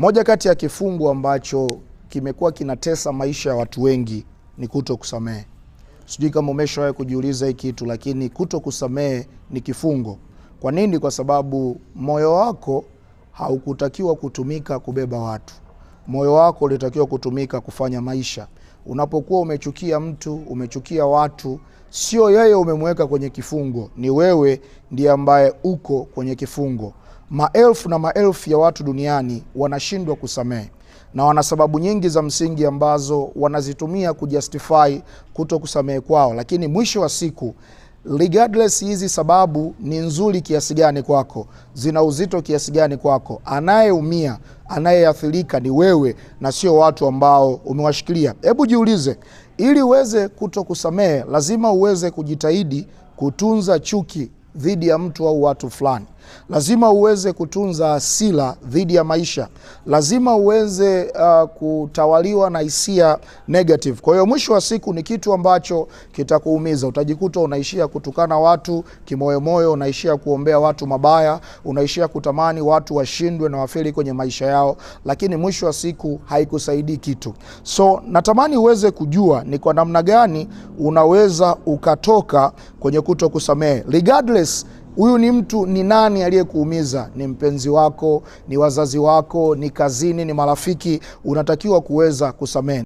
Moja kati ya kifungu ambacho kimekuwa kinatesa maisha ya watu wengi ni kuto kusamehe. Sijui kama umeshawahi kujiuliza hii kitu, lakini kuto kusamehe ni kifungo. Kwa nini? Kwa sababu moyo wako haukutakiwa kutumika kubeba watu, moyo wako ulitakiwa kutumika kufanya maisha. Unapokuwa umechukia mtu, umechukia watu, sio yeye umemweka kwenye kifungo, ni wewe ndiye ambaye uko kwenye kifungo. Maelfu na maelfu ya watu duniani wanashindwa kusamehe na wana sababu nyingi za msingi ambazo wanazitumia kujustify kuto kusamehe kwao, lakini mwisho wa siku regardless hizi sababu ni nzuri kiasi gani kwako, zina uzito kiasi gani kwako, anayeumia anayeathirika ni wewe na sio watu ambao umewashikilia. Hebu jiulize, ili uweze kuto kusamehe lazima uweze kujitahidi kutunza chuki dhidi ya mtu au watu fulani. Lazima uweze kutunza asila dhidi ya maisha, lazima uweze uh, kutawaliwa na hisia negative. Kwa hiyo mwisho wa siku ni kitu ambacho kitakuumiza. Utajikuta unaishia kutukana watu kimoyomoyo, unaishia kuombea watu mabaya, unaishia kutamani watu washindwe na wafeli kwenye maisha yao, lakini mwisho wa siku haikusaidii kitu. So natamani uweze kujua ni kwa namna gani unaweza ukatoka kwenye kuto kusamehe regardless stress huyu ni mtu ni nani aliyekuumiza? Ni mpenzi wako, ni wazazi wako, ni kazini, ni marafiki. Unatakiwa kuweza kusamehe.